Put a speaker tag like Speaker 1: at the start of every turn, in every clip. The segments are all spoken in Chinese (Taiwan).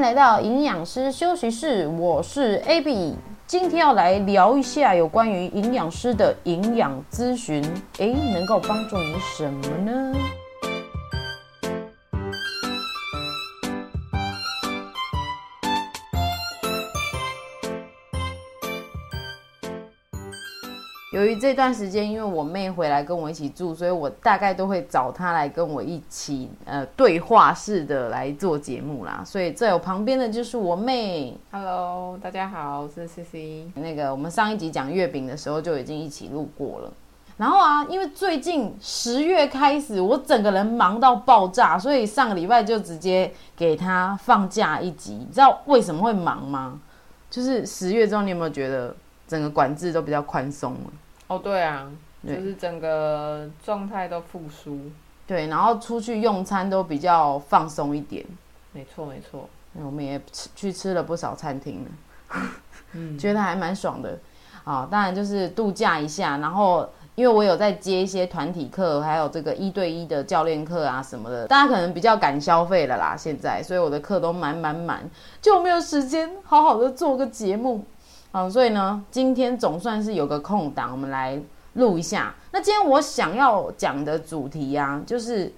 Speaker 1: 來到營養師休息室，我是 Abby 今天要來聊一下有關於營養師的營養諮詢，哎，能夠幫助你什麼呢？由於這段時間，因為我妹回來跟我一起住，所以我大概都會找她來跟我一起，呃，對話式的來做節目啦。所以在我旁邊的就是我妹。
Speaker 2: Hello，大家好，我是 CC。那個我們上一集
Speaker 1: 講月餅的時候就已經一起錄過了。然後啊，因為最近十月開始，我整個人忙到爆炸，所以上個禮拜就直接給她放假一集。你知道為什麼會忙嗎？就是十月中，你有沒有覺得整個管制都比較寬鬆了？
Speaker 2: 哦、oh,，對啊，就是整個狀態都復甦，對，
Speaker 1: 對，然後出去用餐都比較放鬆一點，沒錯沒錯，嗯，我們也吃去吃了不少餐廳了， 覺得還蠻爽的。啊，當然就是度假一下，然後因為我有在接一些團體課，還有這個一對一的教練課啊什麼的，大家可能比較敢消費了啦，現在，所以我的課都滿滿滿，就沒有時間好好的做個節目。好，所以呢，今天總算是有個空檔，我們來錄一下。那今天我想要講的主題啊，就是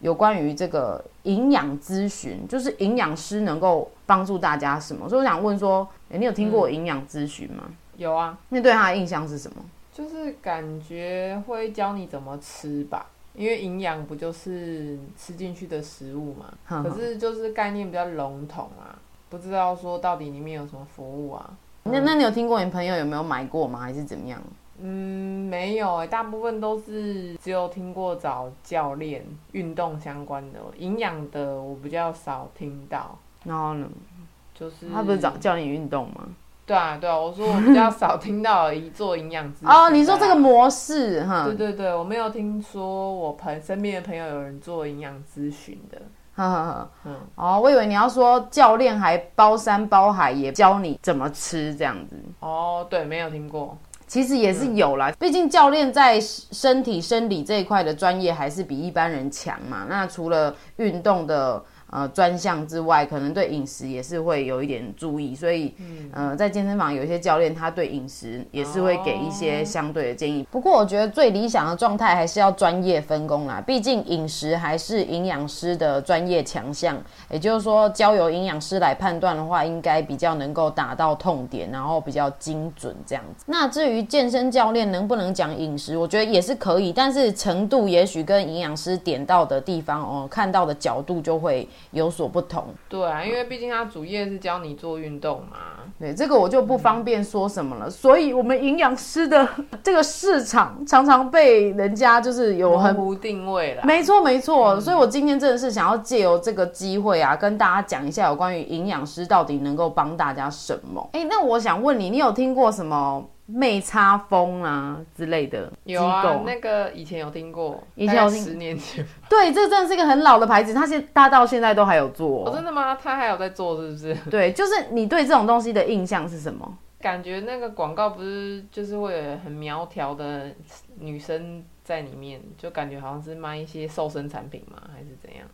Speaker 1: 有關於這個營養諮詢，就是營養師能夠幫助大家什麼？所以我想問說，欸，你有聽過營養諮詢嗎？嗯，
Speaker 2: 有啊。那對
Speaker 1: 他的印象是什麼？
Speaker 2: 就是感覺會教你怎麼吃吧，因為營養不就是吃進去的食物嘛，呵呵。可是就是概念比較籠統啊，不知道說到底裡面有什麼服務啊。
Speaker 1: 那那你有聽過你朋友有沒有買過嗎？還是怎麼樣？嗯，
Speaker 2: 沒有誒、欸，大部分都是只有聽過找教練運動相關的，營養的我比較少聽到。然後呢？就是他不是找
Speaker 1: 教練運動嗎？
Speaker 2: 對啊，對啊，我說我比較少聽到一做營養諮詢哦， 啊 oh, 你說這
Speaker 1: 個模式哈？對對
Speaker 2: 對，我沒有聽說我朋身邊的朋友有人做營養諮詢的。
Speaker 1: 呵呵呵哦，我以為你要說教練還包山包海，也教你怎麼吃這樣子。
Speaker 2: 哦，對，沒有聽過，
Speaker 1: 其實也是有啦，嗯、畢竟教練在身體生理這一塊的專業還是比一般人強嘛。那除了運動的。呃，專項之外，可能對飲食也是會有一點注意，所以，嗯、呃，在健身房有些教練他對飲食也是會給一些相對的建議。哦、不過，我覺得最理想的狀態還是要專業分工啦，畢竟飲食還是營養師的專業強項。也就是說，交由營養師來判斷的話，應該比較能夠達到痛點，然後比較精準這樣子。那至於健身教練能不能講飲食，我覺得也是可以，但是程度也許跟營養師點到的地方哦，看到的角度就會。有所不同，
Speaker 2: 對啊，因為畢竟他主業是教你做運動嘛、嗯。
Speaker 1: 對，這個我就不方便說什麼了。所以，我們營養師的這個市場常常被人家就是有很模糊
Speaker 2: 定位了。
Speaker 1: 沒錯，沒錯。所以我今天真的是想要借由這個機會啊，跟大家講一下有關於營養師到底能夠幫大家什麼。哎、欸，那我想問你，你有聽過什麼？美差風啊之類的、啊，有啊，那
Speaker 2: 個以前有聽過，以前有聽十年前，
Speaker 1: 對，這真的是一個很老的牌子，它是大到現在都還有做。哦哦，真
Speaker 2: 的嗎？它還有在做是不是？對，
Speaker 1: 就是你對這種東西的印象是什麼？
Speaker 2: 感覺那個廣告不是就是會有很苗條的女生在裡面，就感覺好像是賣一些瘦身產品嗎？還是怎樣？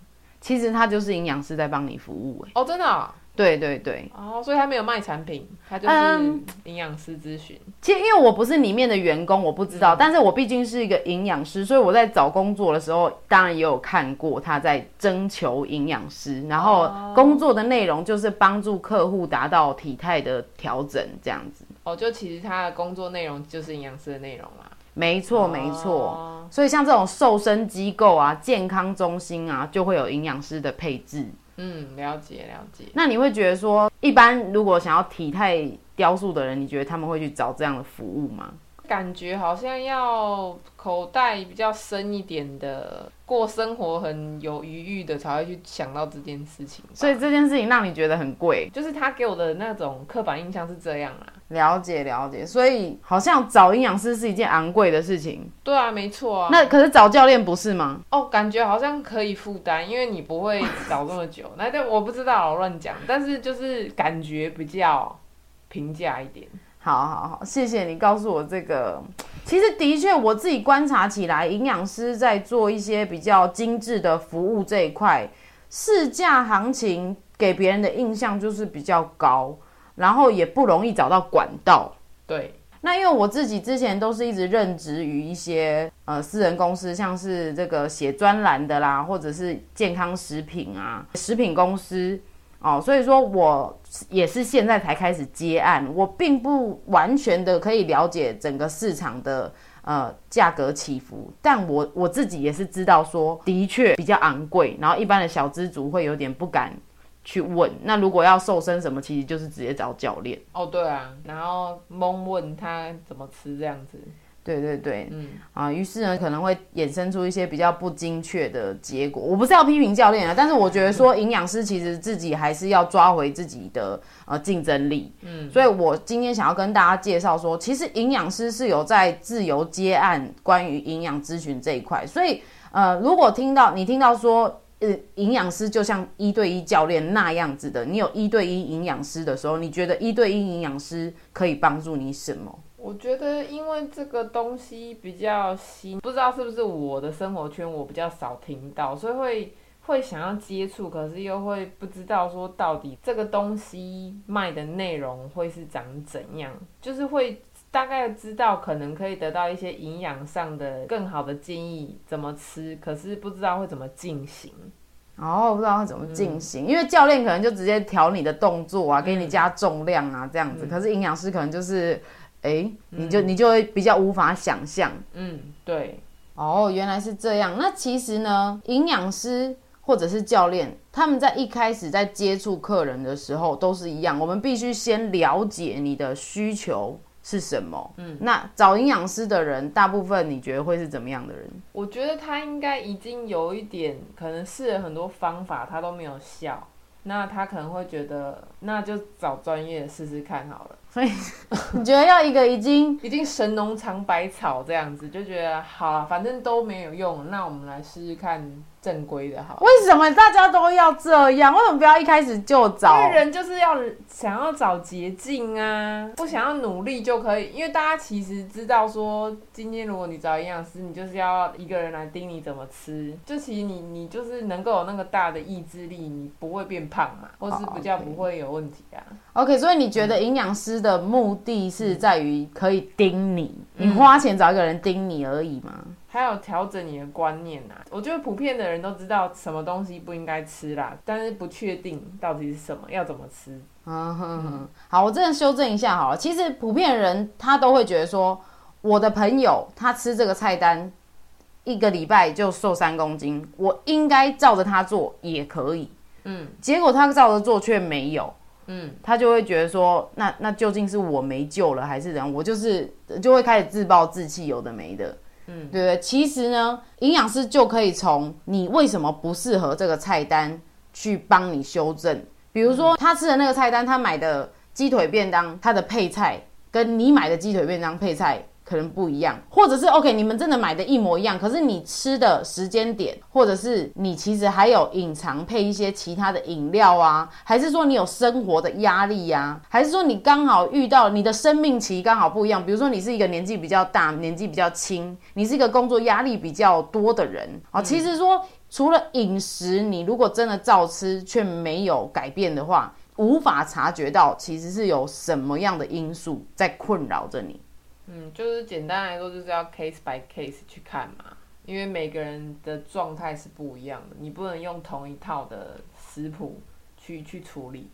Speaker 1: 其實它就是營養師在幫你服務。欸，哦，真的。啊。對對對，
Speaker 2: 哦，所以他沒有賣產品，他就是營養師諮詢。嗯、
Speaker 1: 其實因為我不是裡面的員工，我不知道、嗯，但是我畢竟是一個營養師，所以我在找工作的時候，當然也有看過他在徵求營養師，然後工作的內容就是幫助客戶達到體態的調整這樣子。
Speaker 2: 哦，就其實他的工作內容就是營養師的內容啦、啊。
Speaker 1: 沒錯沒錯、哦，所以像這種瘦身機構啊、健康中心啊，就會有營養師的配置。
Speaker 2: 嗯，了解了解。那你
Speaker 1: 會覺得說，一般如果想要體態雕塑的人，你覺得他們會去找這樣的服務嗎？
Speaker 2: 感覺好像要口袋比較深一點的，過生活很有餘裕的才會去想到這件事情，
Speaker 1: 所以這件事情讓你覺得很貴，
Speaker 2: 就是他給我的那種刻板印象是這樣啊。
Speaker 1: 了解了解，所以好像找營養師是一件昂貴的事情。
Speaker 2: 對啊，沒錯啊。那
Speaker 1: 可是找教練不是嗎？
Speaker 2: 哦，感覺好像可以負擔，因為你不會找這麼久。 那就我不知道，我亂講，但是就是感覺比較平價一點。
Speaker 1: 好好好，謝謝你告訴我這個。其實的確，我自己觀察起來，營養師在做一些比較精緻的服務這一塊，市價行情給別人的印象就是比較高，然後也不容易找到管道。對，那因為我自己之前都是一直任職於一些呃私人公司，像是這個寫專欄的啦，或者是健康食品啊，食品公司。哦，所以說我也是現在才開始接案，我並不完全的可以了解整個市場的呃價格起伏，但我我自己也是知道說，的確比較昂貴，然後一般的小資族會有點不敢去問。那如果要瘦身什麼，其實就是直接找教練。
Speaker 2: 哦，對啊，然後蒙問他怎麼吃這樣子。
Speaker 1: 對對對，嗯啊、呃，於是呢，可能會衍生出一些比較不精確的結果。我不是要批評教練啊，但是我覺得說營養師其實自己還是要抓回自己的呃競爭力。嗯，所以我今天想要跟大家介紹說，其實營養師是有在自由接案關於營養諮詢這一塊。所以呃，如果聽到你聽到說呃營養師就像一對一教練那樣子的，你有一對一營養師的時候，你覺得一對一營養師可以幫助你什麼？
Speaker 2: 我覺得，因為這個東西比較新，不知道是不是我的生活圈，我比較少聽到，所以會會想要接觸，可是又會不知道說到底這個東西賣的內容會是長怎樣，就是會大概知道可能可以得到一些營養上的更好的建議，怎麼吃，可是不知道會怎麼進行。
Speaker 1: 哦，不知道會怎麼進行、嗯，因為教練可能就直接調你的動作啊、嗯，給你加重量啊這樣子，嗯、可是營養師可能就是。誒，你就，嗯，你就會比較無法想象。嗯，對。哦，原來是這樣。那其實呢，營養師或者是教練，他們在一開始在接觸客人的時候都是一樣，我們必須先了解你的需求是什麼。嗯，那找營養師的人，大部分你覺得會是怎麼樣的人？
Speaker 2: 我覺得他應該已經有一點，可能試了很多方法，他都沒有效，那他可能會覺得。那就找專業的試試看好了。所 以你覺得要一個已經 已經神農嘗百草這樣子，就覺得好啦，反正都沒有用，那我們來試試看正規的好。
Speaker 1: 為什麼大家都要這樣？為什麼不要一開始就找？因為人
Speaker 2: 就是要想要找捷徑啊，不想要努力就可以。因為大家其實知道說，今天如果你找營養師，你就是要一個人來盯你怎麼吃，就其實你你就是能夠有那個大的意志力，你不會變胖嘛，或是比較不會有。
Speaker 1: 問題啊，OK，所以你覺得營養師的目的是在於可以盯你，嗯嗯，你花錢找一個人盯你而已嗎？
Speaker 2: 還有調整你的觀念啊！我覺得普遍的人都知道什麼東西不應該吃啦，但是不確定到底是什麼要怎麼吃。呵呵
Speaker 1: 呵嗯、好，我這樣修正一下好了。其實普遍人他都會覺得說，我的朋友他吃這個菜單一個禮拜就瘦三公斤，我應該照着他做也可以。嗯，結果他照着做卻沒有。嗯，他就會覺得說，那那究竟是我沒救了，還是怎樣？我就是就會開始自暴自棄，有的沒的。嗯，對不對？其實呢，營養師就可以從你為什麼不適合這個菜單去幫你修正。比如說，他吃的那個菜單，他買的雞腿便當，他的配菜跟你買的雞腿便當配菜，可能不一樣，或者是 OK，你們真的買的一模一樣，可是你吃的時間點，或者是你其實還有隱藏配一些其他的飲料啊，還是說你有生活的壓力呀、啊，還是說你剛好遇到你的生命期剛好不一樣，比如說你是一個年紀比較大，年紀比較輕，你是一個工作壓力比較多的人啊、嗯。其實說除了飲食，你如果真的照吃卻沒有改變的話，無法察覺到其實是有什麼樣的因素在困擾着你。
Speaker 2: 嗯，就是簡單來說，就是要 case by case 去看嘛，因為每個人的狀態是不一樣的，你不能用同一套的食譜去去處理。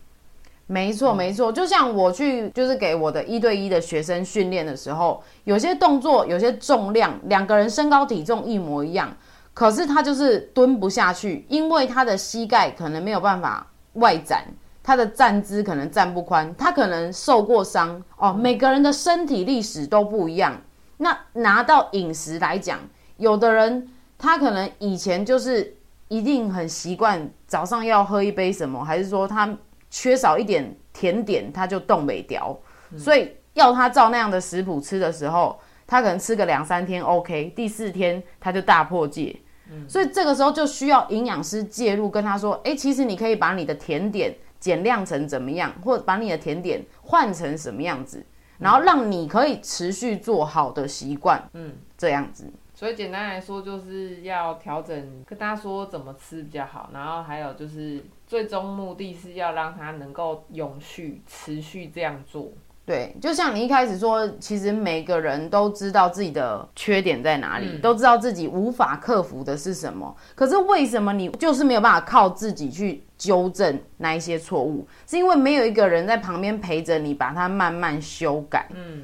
Speaker 1: 沒錯，沒錯，就像我去就是給我的一對一的學生訓練的時候，有些動作，有些重量，兩個人身高體重一模一樣，可是他就是蹲不下去，因為他的膝蓋可能沒有辦法外展。他的站姿可能站不寬，他可能受過傷哦。每個人的身體歷史都不一樣。那拿到飲食來講，有的人他可能以前就是一定很習慣早上要喝一杯什麼，還是說他缺少一點甜點，他就凍未條。嗯。所以要他照那樣的食譜吃的時候，他可能吃個兩三天 OK，第四天他就大破戒。嗯。所以這個時候就需要營養師介入，跟他說：誒，其實你可以把你的甜點。減量成怎麼樣，或者把你的甜點換成什麼樣子，嗯，然後讓你可以持續做好的習慣，嗯，這樣子。
Speaker 2: 所以簡單來說，就是要調整，跟他說怎麼吃比較好，然後還有就是最終目的是要讓他能夠永續、持續這樣做。
Speaker 1: 對，就像你一開始說，其實每個人都知道自己的缺點在哪裡、嗯，都知道自己無法克服的是什麼。可是為什麼你就是沒有辦法靠自己去糾正那一些錯誤？是因為沒有一個人在旁邊陪着你，把它慢慢修改。嗯，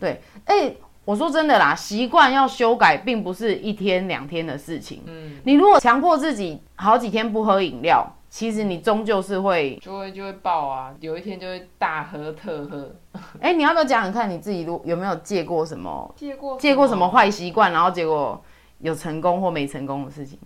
Speaker 1: 對。哎、欸，我說真的啦，習慣要修改，並不是一天兩天的事情。嗯，你如果強迫自己好幾天不喝飲料。其實你終究是會，
Speaker 2: 就會就會爆啊！有一天就會大喝特喝。
Speaker 1: 哎、欸，你要不要講？講看你自己有有沒有戒過什
Speaker 2: 麼？戒過戒過什麼
Speaker 1: 壞習慣？然後結果有成功或沒成功的事情？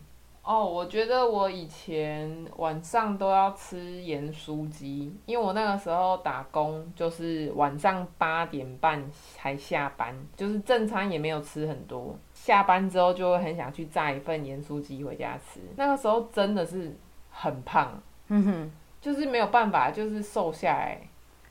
Speaker 2: 哦，我覺得我以前晚上都要吃鹽酥雞，因為我那個時候打工，就是晚上八點半才下班，就是正餐也沒有吃很多。下班之後就會很想去炸一份鹽酥雞回家吃。那個時候真的是。很胖，嗯哼，就是沒有辦法，就是瘦下來，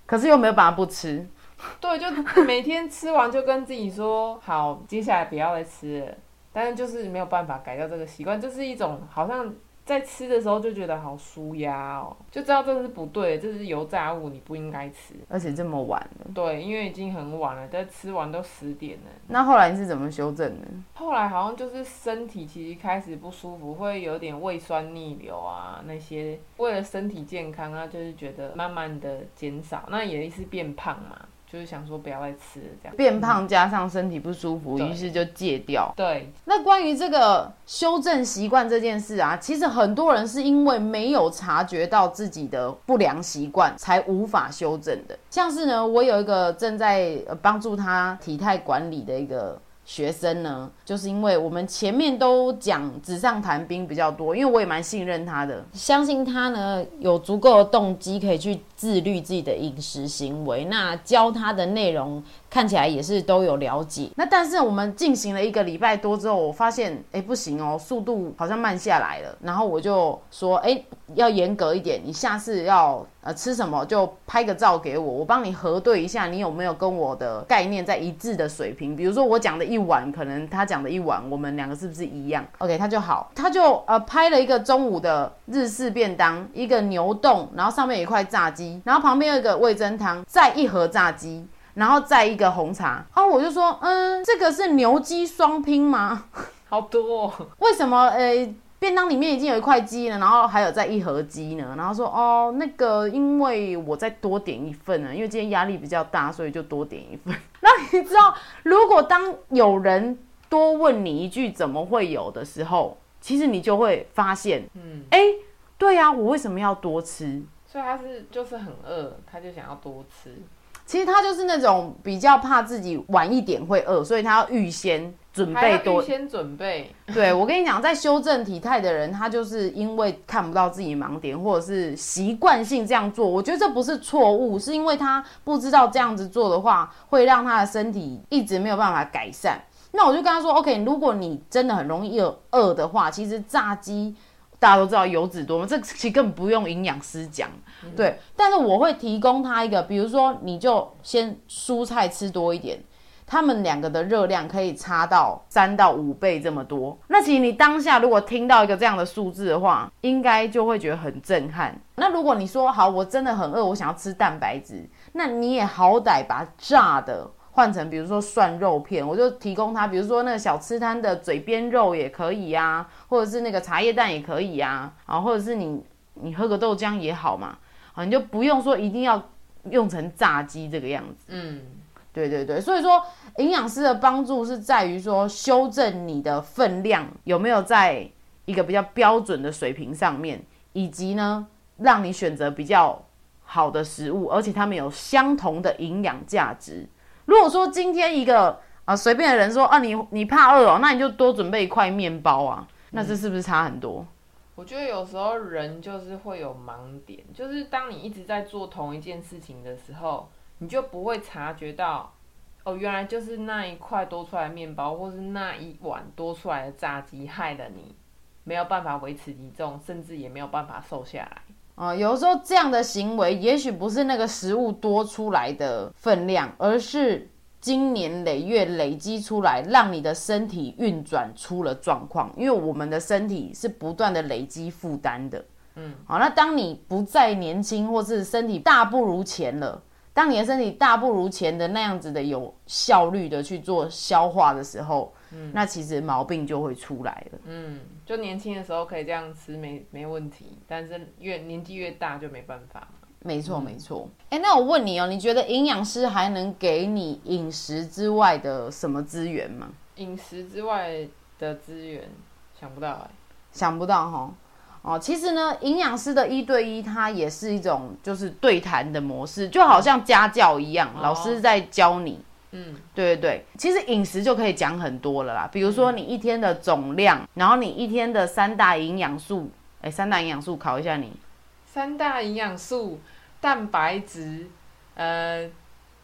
Speaker 1: 可是又沒有辦法不吃。
Speaker 2: 對，就每天吃完就跟自己說好，接下來不要再吃了。但是就是沒有辦法改掉這個習慣，就是一種好像。在吃的時候就覺得好紓壓哦，就知道這是不對的，這是油炸物，你不應該吃，而
Speaker 1: 且這麼晚了。
Speaker 2: 對，因為已經很晚了，在吃完都十點了。
Speaker 1: 那後來你是怎麼修正的？
Speaker 2: 後來好像就是身體其實開始不舒服，會有點胃酸逆流啊，那些為了身體健康啊，就是覺得慢慢的減少，那也是變胖嘛。就是想說不要再吃，這樣變胖加
Speaker 1: 上身體不
Speaker 2: 舒服，嗯、於是就戒掉。對，
Speaker 1: 那關於這個修正習慣這件事啊，其實很多人是因為沒有察覺到自己的不良習慣，才無法修正的。像是呢，我有一個正在幫助他體態管理的一個學生呢，就是因為我們前面都講紙上談兵比較多，因為我也蠻信任他的，相信他呢有足夠的動機可以去。自律自己的飲食行為，那教他的內容看起來也是都有了解。那但是我們進行了一個禮拜多之後，我發現，哎、欸，不行哦、喔，速度好像慢下來了。然後我就說，哎、欸，要嚴格一點，你下次要呃吃什麼就拍個照給我，我幫你核對一下，你有沒有跟我的概念在一致的水平。比如說我講的一碗，可能他講的一碗，我們兩個是不是一樣？OK，他就好，他就呃拍了一個中午的日式便當，一個牛丼，然後上面有一塊炸雞。然後旁邊有一個味噌湯，再一盒炸雞，然後再一個紅茶。然後我就說，嗯，這個是牛雞雙拼嗎？好多哦！為什麼？呃，便當裡面已經有一塊雞了，然後還有再一盒雞呢？然後說，哦，那個，因為我再多點一份呢，因為今天壓力比較大，所以就多點一份。那你知道，如果當有人多問你一句怎麼會有的時候，其實你就會發現，嗯，哎，對啊，我為什麼要多吃？
Speaker 2: 所以他是就是很餓，他就想要多吃。
Speaker 1: 其實他就是那種比較怕自己晚一點會餓，所以他要預先準備多。預
Speaker 2: 先準備。
Speaker 1: 對，我跟你講，在修正體態的人，他就是因為看不到自己盲點，或者是習慣性這樣做。我覺得這不是錯誤，是因為他不知道這樣子做的話會讓他的身體一直沒有辦法改善。那我就跟他說：“OK，如果你真的很容易餓餓的話，其實炸雞。”大家都知道油脂多嘛，這其實根本不用營養師講，對。但是我會提供他一個，比如說你就先蔬菜吃多一點，他們兩個的熱量可以差到三到五倍這麼多。那其實你當下如果聽到一個這樣的數字的話，應該就會覺得很震撼。那如果你說好，我真的很餓，我想要吃蛋白質，那你也好歹把它炸的，換成比如說涮肉片，我就提供他，比如說那個小吃攤的嘴邊肉也可以啊，或者是那個茶葉蛋也可以啊。啊，或者是你你喝個豆漿也好嘛，啊，你就不用說一定要用成炸雞這個樣子。嗯，對對對，所以說營養師的幫助是在於說修正你的分量有沒有在一個比較標準的水平上面，以及呢，讓你選擇比較好的食物，而且它們有相同的營養價值。如果說今天一個啊呃、隨便的人說，啊你你怕餓哦、喔，那你就多準備一塊麵包啊，那這是不是差很多、嗯？
Speaker 2: 我覺得有時候人就是會有盲點，就是當你一直在做同一件事情的時候，你就不會察覺到，哦原來就是那一塊多出來的麵包，或是那一碗多出來的炸雞害了你，沒有辦法維持體重，甚至也沒有辦法瘦下來。
Speaker 1: 啊、嗯，有時候這樣的行為，也許不是那個食物多出來的分量，而是經年累月累積出來，讓你的身體運轉出了狀況。因為我們的身體是不斷的累積負擔的，嗯，好、啊，那當你不再年輕，或是身體大不如前了，當你的身體大不如前的那樣子的，有效率的去做消化的時候、嗯，那其實毛病就會出來了，
Speaker 2: 嗯。就年輕的時候可以這樣吃沒，沒沒問題。但是越年紀越大就沒辦法，
Speaker 1: 沒錯，沒錯。哎、嗯，欸，那我問你哦、喔，你覺得營養師還能給你飲食之外的什麼資源嗎？
Speaker 2: 飲食之外的資源，想不到哎、欸，想
Speaker 1: 不到哈。哦，其實呢，營養師的一對一，它也是一種就是對談的模式，就好像家教一樣，嗯、老師在教你。哦嗯，對對對，其實飲食就可以講很多了啦。比如說你一天的總量，嗯，然後你一天的三大營養素，哎，三大營養素考一下你。
Speaker 2: 三大營養素，蛋白質，呃，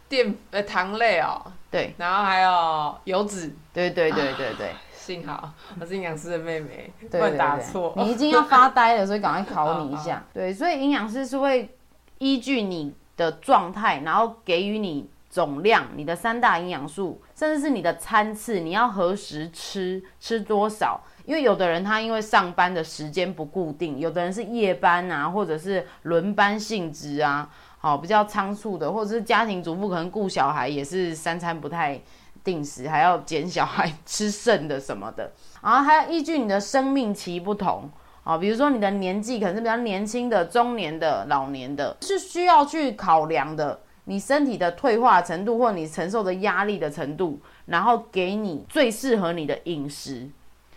Speaker 2: 電呃糖類哦，對，然後還有油脂，對對對對對，對，啊。幸好我是營養師的妹妹，對 答錯對對對對對。你已經要發
Speaker 1: 呆了，所以趕快考你一下 哦哦。對，所以營養師是會依據你的狀態，然後給予你。總量，你的三大營養素，甚至是你的餐次，你要何時吃，吃多少？因為有的人他因為上班的時間不固定，有的人是夜班啊，或者是輪班性質啊，好比較倉促的，或者是家庭主婦可能顧小孩也是三餐不太定時，還要撿小孩吃剩的什麼的。然後還要依據你的生命期不同啊，比如說你的年紀可能是比較年輕的、中年的、老年的，是需要去考量的。你身體的退化的程度，或你承受的壓力的程度，然後給你最適合你的飲食。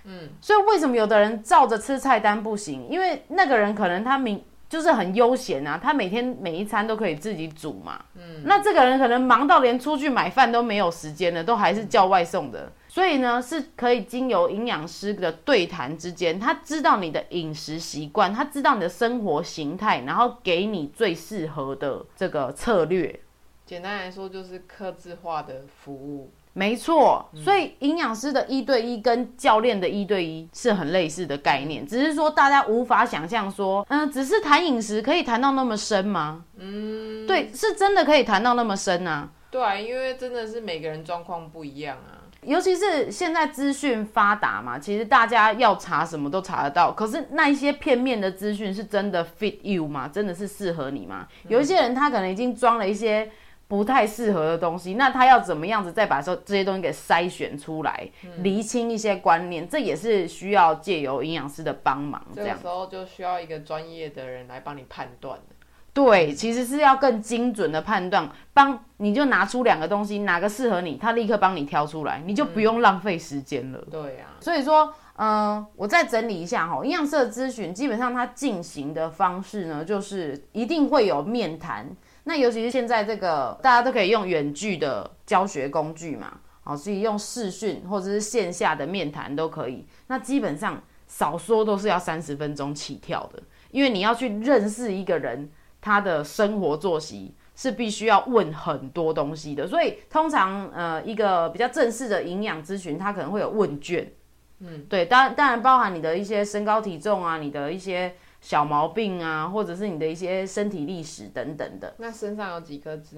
Speaker 1: 嗯，所以為什麼有的人照着吃菜單不行？因為那個人可能他明就是很悠閒啊，他每天每一餐都可以自己煮嘛。嗯，那這個人可能忙到連出去買飯都沒有時間了，都還是叫外送的。所以呢，是可以經由營養師的對談之間，他知道你的飲食習慣，他知道你的生活形態，然後給你最適合的這個策略。
Speaker 2: 簡單來說，就是客製化的服務。
Speaker 1: 沒錯，所以營養師的一對一跟教練的一對一是很類似的概念，只是說大家無法想象說，嗯、呃，只是談飲食可以談到那麼深嗎？嗯，
Speaker 2: 對，是
Speaker 1: 真的可以談到那麼深啊。
Speaker 2: 對，因為真的是每個人狀況不一樣啊。
Speaker 1: 尤其是現在資訊發達嘛，其實大家要查什麼都查得到。可是那一些片面的資訊是真的 fit you 嗎？真的是適合你嗎？嗯？有一些人他可能已經裝了一些不太適合的東西，那他要怎麼樣子再把這這些東西給篩選出來，釐、嗯、清一些觀念，這也是需要借由營養師的幫忙這樣。這
Speaker 2: 個時候就需要一個專業的人來幫你判斷。
Speaker 1: 對，其實是要更精準的判斷，幫你就拿出兩個東西，哪個適合你，他立刻幫你挑出來，你就不用浪費時間了。嗯、對呀、啊，所以說，嗯、呃，我再整理一下哈、哦，營養師的諮詢基本上它進行的方式呢，就是一定會有面談。那尤其是現在這個大家都可以用遠距的教學工具嘛，好，所以用視訊或者是線下的面談都可以。那基本上少說都是要三十分鐘起跳的，因為你要去認識一個人。他的生活作息是必須要問很多東西的，所以通常呃一個比較正式的營養諮詢，他可能會有問卷，嗯，對，當當然包含你的一些身高體重啊，你的一些小毛病啊，或者是你的一些身體歷史等等的。
Speaker 2: 那身上有幾顆痣？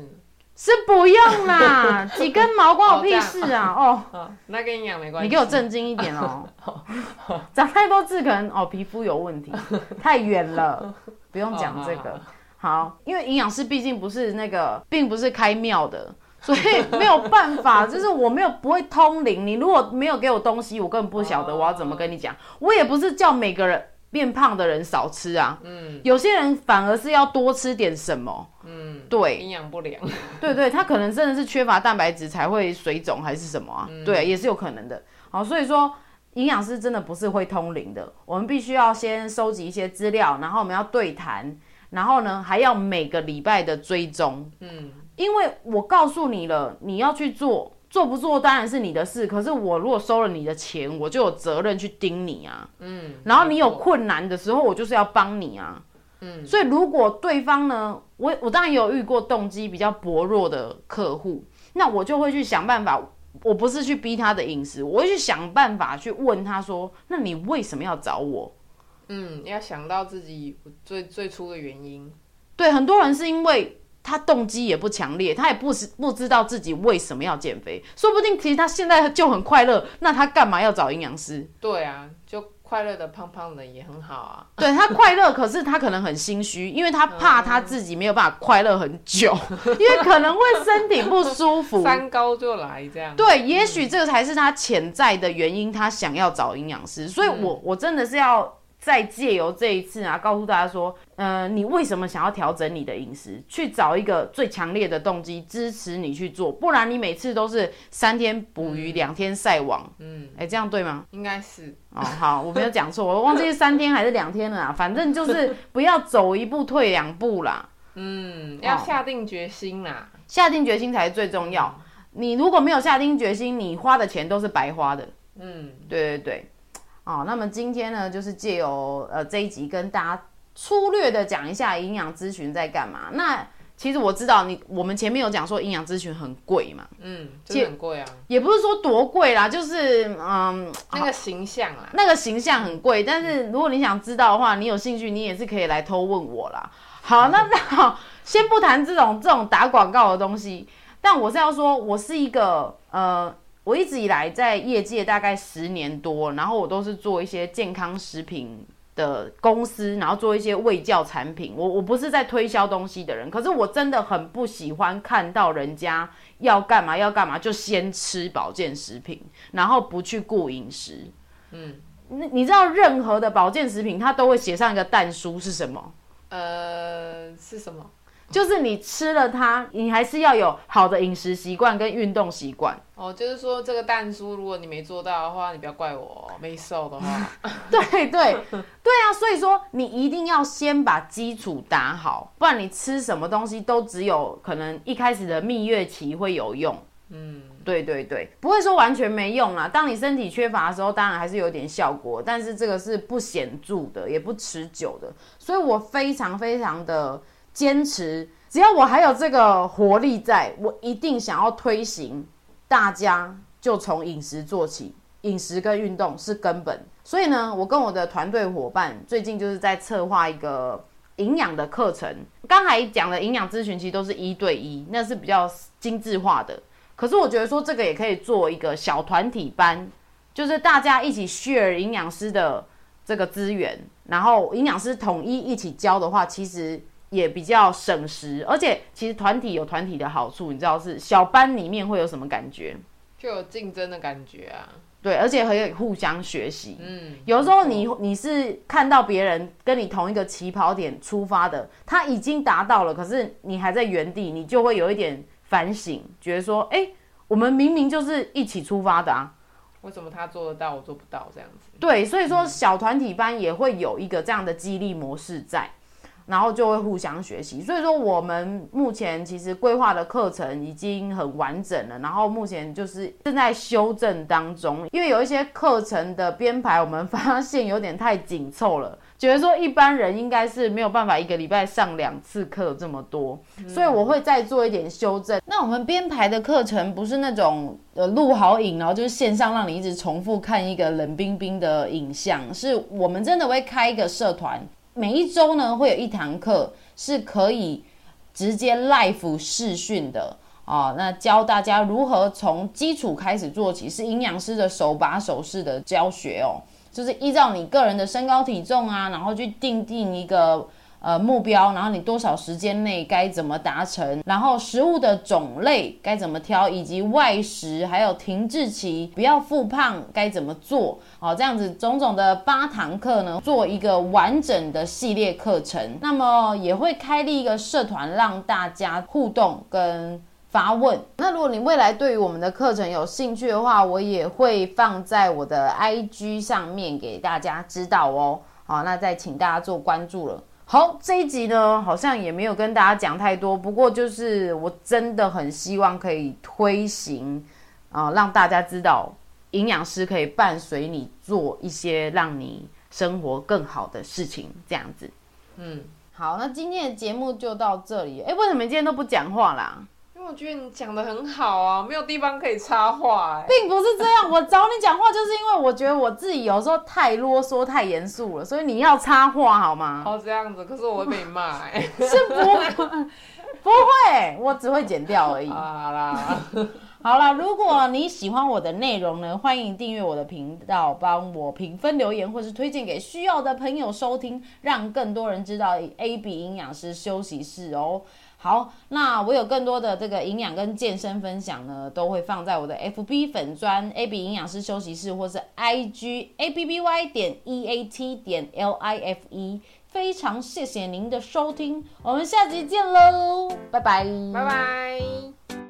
Speaker 2: 是不用啦，幾根毛關我屁事啊！哦哦，哦，那跟營養沒關係。你給我正經一點哦，哦哦
Speaker 1: 長太多痣可能哦皮膚有問題，太遠了、哦，不用講這個。哦好好好，因為營養師畢竟不是那個，並不是開廟的，所以沒有辦法， 就是我沒有不會通靈。你如果沒有給我東西，我根本不曉得我要怎麼跟你講。我也不是叫每個人變胖的人少吃啊，嗯，有些人反而是要多吃點什麼，嗯，
Speaker 2: 對，營養不良，對，
Speaker 1: 對對，他可能真的是缺乏蛋白質才會水腫還是什麼啊，嗯，對，也是有可能的。好，所以說營養師真的不是會通靈的，我們必須要先收集一些資料，然後我們要對談。然後呢，還要每個禮拜的追蹤，嗯，因為我告訴你了，你要去做，做不做當然是你的事，可是我如果收了你的錢，我就有責任去盯你啊，嗯，然後你有困難的時候，我就是要幫你啊，嗯，所以如果對方呢，我我當然也有遇過動機比較薄弱的客戶，那我就會去想辦法，我不是去逼他的飲食，我會去想辦法去問他說，那你為什麼要找我？
Speaker 2: 嗯，要想到自己最最初的原因。
Speaker 1: 對，很多人是因為他動機也不強烈，他也不是不知道自己為什麼要減肥。說不定其實他現在就很快樂，那他干嘛要找營養師？
Speaker 2: 對啊，就快樂的胖胖的也很好
Speaker 1: 啊。 對他快樂，可是他可能很心虛，因為他怕他自己沒有辦法快樂很久，嗯、 因為可能會身體不舒服，三
Speaker 2: 高就來這樣。對、
Speaker 1: 嗯，也許這個才是他潛在的原因，他想要找營養師。所以我、嗯、我真的是要。再借由這一次啊，告訴大家說，呃，你為什麼想要調整你的飲食？去找一個最強烈的動機支持你去做，不然你每次都是三天捕魚兩、嗯、天曬網。嗯，哎、欸，這樣對嗎？
Speaker 2: 應該是哦。
Speaker 1: 好，我沒有講錯，我忘記是三天還是兩天了啊。 反正就是不要走一步退兩步啦。嗯，
Speaker 2: 要下定決心啦。
Speaker 1: 哦、下定決心才是最重要、嗯。你如果沒有下定決心，你花的錢都是白花的。嗯，對對對。哦，那麼今天呢，就是借由呃這一集跟大家粗略的講一下營養諮詢在幹嘛。那其實我知道你我們前面有講說營養諮詢很貴嘛，嗯，
Speaker 2: 就很貴啊，
Speaker 1: 也不是說多貴啦，就是嗯那個形象啊，那個形象很貴。但是如果你想知道的話，你有興趣，你也是可以來偷問我啦。好，嗯、那那好，先不談這種這種打廣告的東西，但我是要說，我是一個呃。我一直以來在業界大概十年多，然後我都是做一些健康食品的公司，然後做一些衛教產品。我我不是在推銷東西的人，可是我真的很不喜歡看到人家要幹嘛要幹嘛就先吃保健食品，然後不去顧飲食。嗯，你你知道任何的保健食品，它都會寫上一個但書是什麼？呃，
Speaker 2: 是什麼？
Speaker 1: 就是你吃了它，你還是要有好的飲食習慣跟運動習慣
Speaker 2: 哦。就是說，這個蛋酥，如果你沒做到的話，你不要怪我，沒瘦的話。 對
Speaker 1: 對對啊，所以說你一定要先把基礎打好，不然你吃什麼東西都只有可能一開始的蜜月期會有用。嗯，對對對，不會說完全沒用啊。當你身體缺乏的時候，當然還是有點效果，但是這個是不顯著的，也不持久的。所以我非常非常的，堅持，只要我還有這個活力在，在我一定想要推行，大家就從飲食做起，飲食跟運動是根本。所以呢，我跟我的團隊夥伴最近就是在策劃一個營養的課程。剛才講的營養諮詢其實都是一對一，那是比較精緻化的。可是我覺得說，這個也可以做一個小團體班，就是大家一起 share 營養師的這個資源，然後營養師統一一起教的話，其實。也比較省時，而且其實團體有團體的好處，你知道是小班裡面會有什麼感覺？
Speaker 2: 就有競爭的感覺啊。
Speaker 1: 對，而且可以互相學習。嗯，有時候你、嗯、你是看到別人跟你同一個起跑點出發的，他已經達到了，可是你還在原地，你就會有一點反省，覺得說，哎、欸，我們明明就是一起出發的啊，
Speaker 2: 為什麼他做得到我做不到？這樣子。
Speaker 1: 對，所以說小團體班也會有一個這樣的激勵模式在。然後就會互相學習，所以說我們目前其實規劃的課程已經很完整了，然後目前就是正在修正當中，因為有一些課程的編排我們發現有點太緊湊了，覺得說一般人應該是沒有辦法一個禮拜上兩次課這麼多，嗯。所以我會再做一點修正。那我們編排的課程不是那種呃錄好影然後就是線上讓你一直重複看一個冷冰冰的影像，是我們真的會開一個社團。每一週呢，會有一堂課是可以直接 live 視訊的啊、哦，那教大家如何從基礎開始做起，是營養師的手把手式的教學哦，就是依照你個人的身高體重啊，然後去訂定一個。呃，目標，然後你多少時間內該怎麼達成？然後食物的種類該怎麼挑，以及外食還有停滯期不要復胖該怎麼做？好，這樣子種種的八堂課呢，做一個完整的系列課程。那麼也會開立一個社團，讓大家互動跟發問。那如果你未來對於我們的課程有興趣的話，我也會放在我的 IG 上面給大家知道哦。好，那再請大家做關注了。好，這一集呢，好像也沒有跟大家講太多。不過，就是我真的很希望可以推行，啊、呃，讓大家知道營養師可以伴隨你做一些讓你生活更好的事情，這樣子。嗯，好，那今天的節目就到這裡。哎、欸，為什麼今天都不講話啦？
Speaker 2: 我覺得你講得很好啊，沒有地方可以插話。哎，
Speaker 1: 並不是這樣，我找你講話就是因為我覺得我自己有時候太囉嗦、太嚴肅了，所以你要插話好嗎？哦，
Speaker 2: 這樣子，可是我會被你罵、欸。 是不？
Speaker 1: 不會，我只會剪掉而已。好啦，好啦好啦 好啦，如果你喜歡我的內容呢，歡迎訂閱我的頻道，幫我評分、留言，或是推薦給需要的朋友收聽，讓更多人知道 Abby 營養師休息室哦。好，那我有更多的這個營養跟健身分享呢，都會放在我的 F B 粉專 Abby 營養師休息室，或是 I G A B B Y 點 E A T 點 L I F E。非常謝謝您的收聽，我們下集見嘍，拜
Speaker 2: 拜，拜拜。